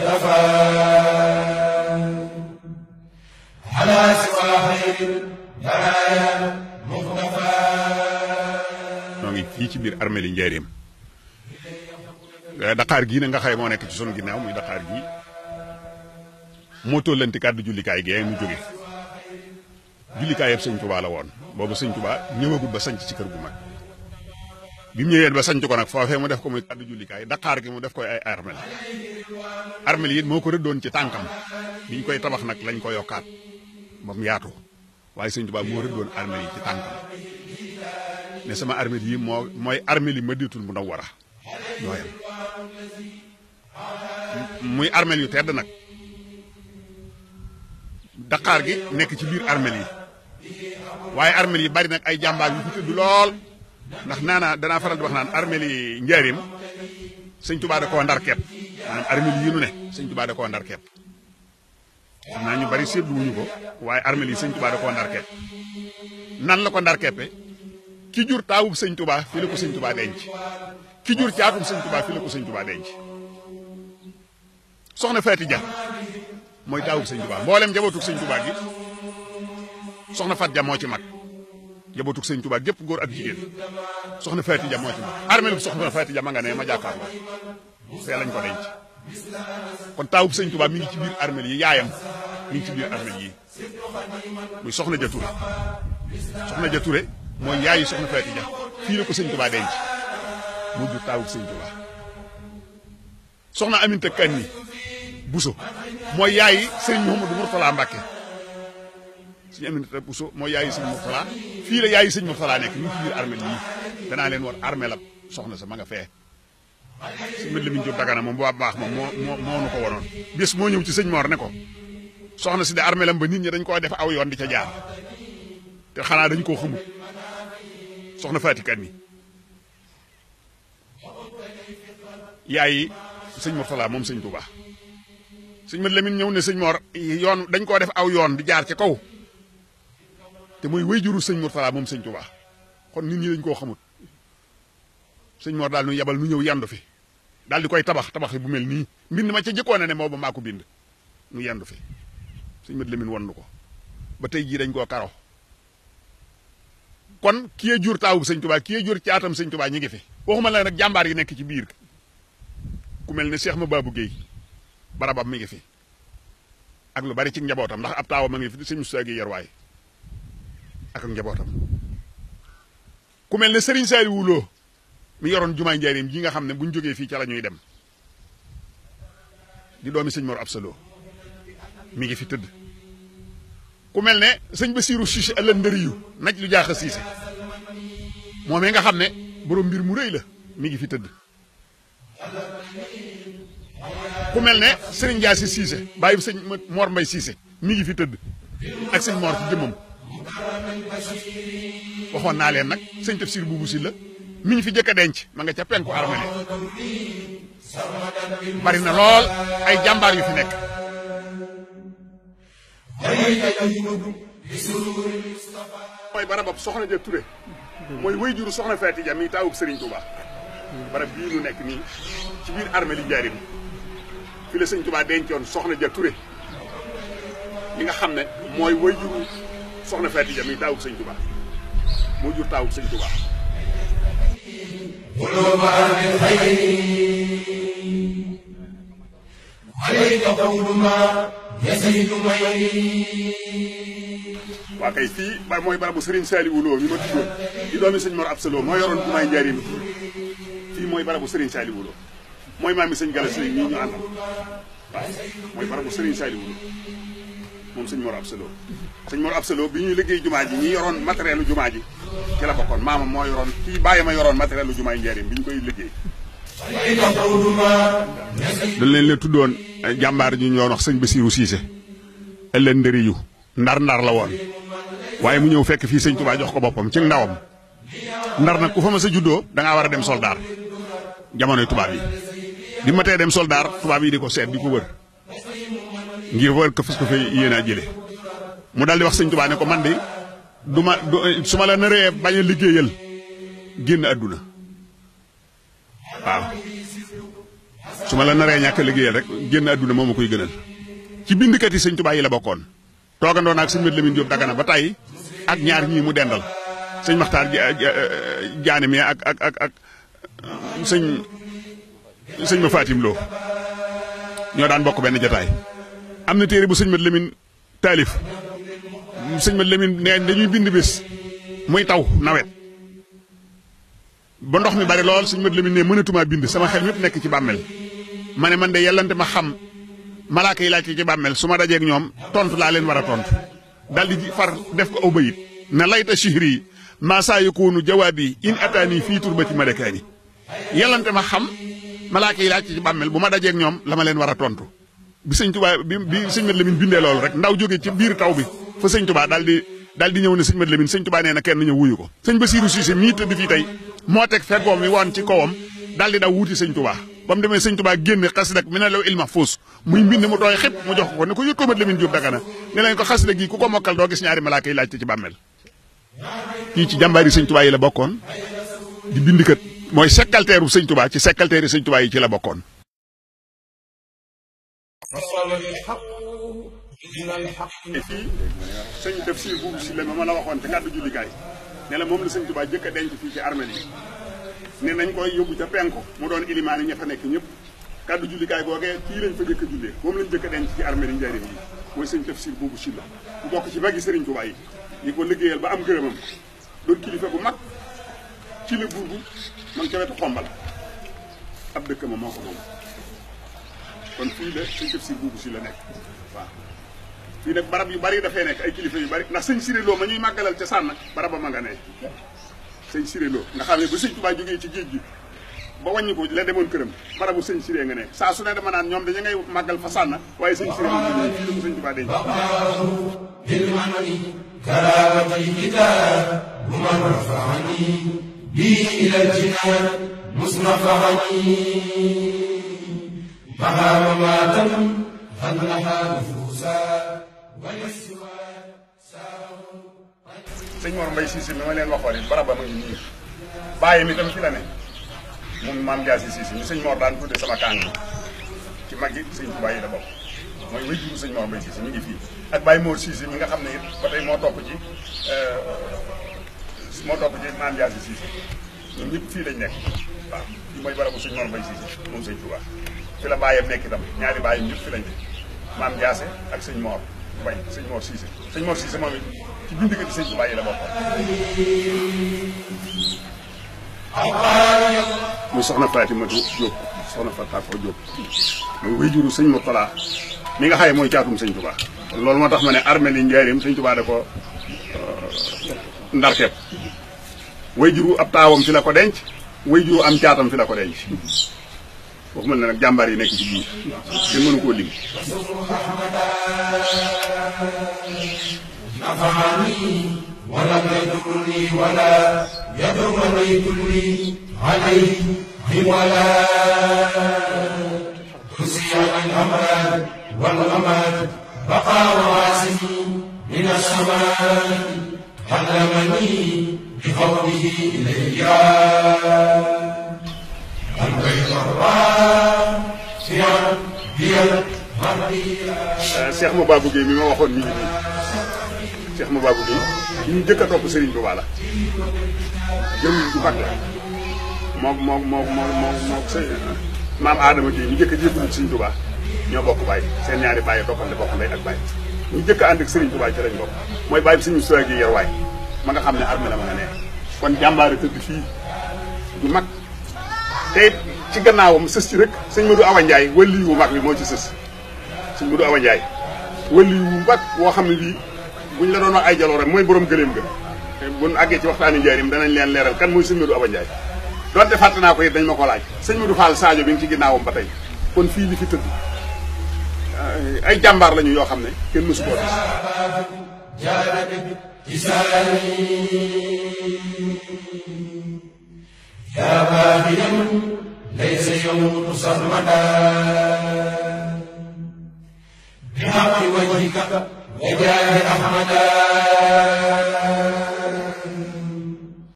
noo ngi fii ci biir armée li njaareem eh, daqaar gii na nga xay moo nekk ci sunu ginnaaw muy daqaar gii moo tollanti kàddu jullikaay gee mu jóge jullikaay yëpp sëñ Tuubaa la woon boobu sëñ Tuubaa ñëwagul ba sanc ci kër gu mag bi mu ñëwee ba sanc ko nag foofee mu def ko muy kàddu jullikaay daqaar gi mu def koy ay armée la armel yi moo ko rëddoon ci tànkam biñ koy tabax nag lañ ko yokkaat ba mu yaatu waaye sëñ Tuubaa moo rëddoon armel yi ci tànkam ne sama armel yi moo mooy armel yi Madiinatul Munawwara ñooyam muy armel yu tedd nag daqaar gi nekk ci biir armel yi waaye armel yi bari nag ay jàmbaar yu ci tudd lool ndax naana danaa faral di wax naan armel yi njaarim sëñ Tuubaa da koo ndar maanaam armel yi nu ne sëñ Tuubaa ñu bari seetlu ko waaye armel yi sëñ Tuubaa da nan la ko ndar keppe ki jur taawub sëñ Tuubaa fii la ko sëñ Tuubaa denc ki jur caatum sëñ Tuubaa fii la ko sëñ Tuubaa denc soxna Faati Ja mooy taawub sëñ Tuubaa mboolem sëñ Tuubaa gi soxna Faat Ja moo ci mag jabootug sëñ Tuubaa góor ak jigéen soxna Faati Ja mag armel bu soxna Faati Ja ma nga ne ma jàkkaarloo fee ko denc kon taawub sëñ Tuubaa mi ngi ci armel yi yaayam mi ngi ci yi muy soxna ja Touré soxna ja Touré mooy yaayu soxna Faati Ja fii la ko sëñ Tuubaa denc mu jur taawub sëñ Tuubaa soxna Aminta Kanni Buso mooy yaayi sëñ sëñ Aminta Buso fii la yaayi sëñ Mourtala nekk mi ngi ci biir danaa leen war armelab soxna sa ma nga fee sëñ Madi Lamine Diop Dagana moom bu baax moom moo moo moo nu ko wonoon bis moo ñëw ci sëñ Mor ko soxna si de armelam ba nit ñi dañ koo def aw di ca jaar te xanaa dañ koo soxna fatikat ni yaay sëñ Mourtala moom sëñ Touba sëñ Madi Lamine ñëw ne sëñ Mor dañ koo def aw yoon di jaar ca kaw te mooy wéyjuru sëñ Mourtala moom sëñ Touba kon nit ñi dañ koo xamul sëñ Mor daal nu yabal nu ñëw yandu fi daal di koy tabax tabax bu mel nii mbind ma ci jëkkoon ne moo ba maa bind mu yendu fi suñ mat lemin won nu ko ba tey jii dañ koo karo kon kii jur taawu sëñ tubaa kii jur caatam sëñ tubaa ñu ngi fi waxuma la nag jàmbaar yi nekk ci biir ku mel ne Cheikh Mababou Guèye barabam mi ngi fi ak lu bari ci njabootam ndax ab taawa ma ngi fi sëñ Moussa Guèye yarwaay ak njabootam ku mel ne Serigne Saliou mi yoron jumaay njaareem ji nga xamne buñ bu fi ci lañuy dem di doomi seigne Mor Absalo mi ngi fi tëdd ku melne ne sëñ chiche ala ëllëg ndëri naj lu jaxa sisi momé nga xamne ne borom mbir mu rëy la mi ngi fi tëdd ku melne ne jassi sisi baye seigne sëñ Mor Mbay sisi mi ngi fi tëdd ak seigne Mor ci jëmmam waxon na len nak seigne Tafsir bubu sil la mi ñu fi jëkk a denc ma nga ca penku armée bari na lool ay jàmbaar yu fi nekk mooy barabab soxna ja Touré mooy wéy juru soxna Faati Ja mi taawub Sëriñ Tuuba barab bii nu nekk nii ci biir armée li njaarim fi la Sëriñ Tuuba dencoon soxna ja Touré nga xam ne mooy wéy juru soxna Faati Ja mi taawub Sëriñ Tuuba moo jur taawub Sëriñ Tuuba waa kay fii ba mooy barabu Serigne Saliou Lo mi ma tuddoon di doomi sëñ Mor Absa Lo moo yoroon jumaay njaarim fii mooy barabu Serigne Saliou Lo mooy maam mi sëñ Gala Sëriñ nii ñu àndal waaw mooy barabu Serigne Saliou Lo moom sëñ Mor Absa Lo sëñ Mor Absa Lo bi ñuy liggéey jumaa ji ñuy yoroon matérielu jumaa ji ci la bokkoon mama mo yoron kii bàyyi ma yoroon matériel lu jumaay njëriñ biñ koy liggéey. dañ leen le tudon eh, jambar ñu doon wax sëñ Bassirou Cissé elle ndëri yu ndar-ndar la won waye mu ñew fekk fi Touba jox ko bopam ci ndawam ndar nak ku fa ma sa da nga wara dem soldar, jamono tubaab bi di dem soldar, tubaab bi diko ko diko wër ngir wër ko fess ko fay yéen jëlé mu wax Touba ne ko man di du ma su ma la naree bañ a liggéeyal génn àdduna waaw su ma la naree ñàkk a liggéeyal rek génn àdduna moo ma koy gënal ci bindkat yi sëñ Tuubaa yi la bokkoon toogandoo naag sëñ Mat Lamin Jóob Dagana ba tey ak ñaar ñii mu dendal sëñ Maxtaar Jaane mi ak ak ak ak sëñ ma Fatim ñoo daan bokk benn jataay am na téere bu sëñ Mat Lamin taalif sëñ ma Lamine ne dañuy bind bes muy taw nawet ba ndox mi bari lol sëñ ma Lamine ne mënatumaa bind sama xel mépp nek ci bammel mané man de yàllante ma xam malaaka yi la ci bammel suma dajé ak ñom tontu la leen wara tontu dal di far def ko aw na layta shihri ma sa yakunu jawabi in atani fi turbati malakani yàllante ma xam malaaka yi la ci ci bammel buma dajé ak ñom lama leen wara tontu bi seigne touba bi seigne ma Lamine bindee lol rek ndaw jóge ci bir taw bi. fa sëñ Touba daal di daal di ñëw ne sëñ Madi Lamin sëñ Touba nee na kenn ñëw wuyu ko sëñ Basiiru Siise mii tëdd fii tey moo teg feggoom wi woon ci kawam daal daw wuuti sëñ Touba ba mu demee sëñ Touba génne xasida mi mu ne leen ko xasida gi ku ko mokkal doo gis ñaari malaaka yi laajte ci bàmmeel kii ci jàmbaari sëñ Touba yi la bokkoon di bindkat mooy secrétaire sëñ Touba ci secrétaire sëñ Touba yi ci la bokkoon minal xaq fii sëñ def si buubu si la man a waxoon te kàddu jullikaay ne la moom la sëñ Tuubaa jëkk a denc fii ci Armenie ne nañ koy yóbbu ca penko mu doon ilimaani ña fa nekk ñëpp kàddu jullikaay googee kii lañ fa jëkk a lañ jëkk a denc ci Armenie njariñ yi mooy sëñ def si buubu si la bu bokk ci magi sëriñ Tuubaa yi yi ko liggéeyal ba am gërëmam doon kilifa bu mag ci la buubu ma ngi ca wetu xombal dëkk moo ko fii la si buubu si la nekk fii nag barab yu bari dafay nekk ay kilifa yu bari ndax sëñ siriloo ma ñuy màggalal ca sànn baraba ma nga ne sëñ siriloo nga xam bu ba sëñ Tuubaa ci géej gi ba wàññi ko la demoon këram barabu sëñ siré nga nekk saa ne dama naan ñoom dañu ngay màggal fa sànn waaye sëñ siré ko sëñ Tuubaa denc bi ila jinaan sëñ Mor Mbaye Cissé mi ma leen waxoon it barab ba ma ngi nii bàyyi mi tam fi la ne moom maam Diassi Cissé mi sëñ Mor daan tudde sama kàng ci mag yi sëñ Touba yi la bokk mooy wéy juru sëñ Mor Mbaye mi ngi fii ak Baye Mor Cissé mi nga xam ne it ba tey moo topp ci euh, moo topp ci maam Diassi Cissé ñoom ñëpp fii lañ nekk waaw li mooy barabu sëñ Mor Mbaye Cissé moom sëñ Touba fi la bàyyam nekk itam ñaari bàyyam ñëpp fi lañ nekk maam Diassi ak sëñ Mor bañ sëñ Mor Cissé sëñ Mor Cissé moom it ci bindikati sëñ Tuubaa yi la bokk muy soxna Fatimatu Jóob soxna Fataa ko Jóob muy wéyjuru sëñ Murtala mi nga xaye mooy caatum sëñ Tuubaa loolu moo tax ma ne armée li njaarim sëñ Tuubaa da ko euh, ndarkeeb wéyjuru ab taawam fi la ko denc wéyjuru am caatam fi la ko denc waxuma ne nag jàmbaar yi nekk ci biir kenn mënu koo lim نفعني ولم يضرني ولا لي عليه عليهم ولا تسيع الأماد والغماد بقى رواسي من السماء علمني بفضله البيت البيضاء في هي المهدية Cheikh babu Gueye mi ma waxoon mi ngi nii Cheikh Mouba Gueye bi ñu njëkk a topp Serigne Touba la jëm du mag la moom moom moom moom moom sa maam Adama Gueye ñu njëkk a jébbalu Serigne Touba ñoo bokk bàyyi seen ñaari bàyyi toppante bokk ndey ak bàyyi ñu njëkk a ànd ak Serigne Touba ci lañ bokk mooy bàyyi bi Serigne Souhaïbou Gueye yar waay ma nga xam ne armée la ma nga ne kon jàmbaare tëdd fii du mag te ci gannaawam sës ci rek sëñ Modou Awa Ndiaye wëlli wu mag bi moo ci sës sëñ Modou Awa Ndiaye wëlli wu mag woo xam ne bii buñ la doon wax ay jaloore mooy borom gëleem ga buñ àggee ci waxtaani njaarim danañ leen leeral kan mooy sëñ Modou Awa Ndiaye donte fàtte naa ko it dañ ma ko laaj sëñ Modou Fall Sadio bi ngi ci ginnaawam ba tey kon fii li fi tëdd ay jàmbaar lañu yoo xam ne kenn mësu koo gis. بحق وجهك وجاه أحمد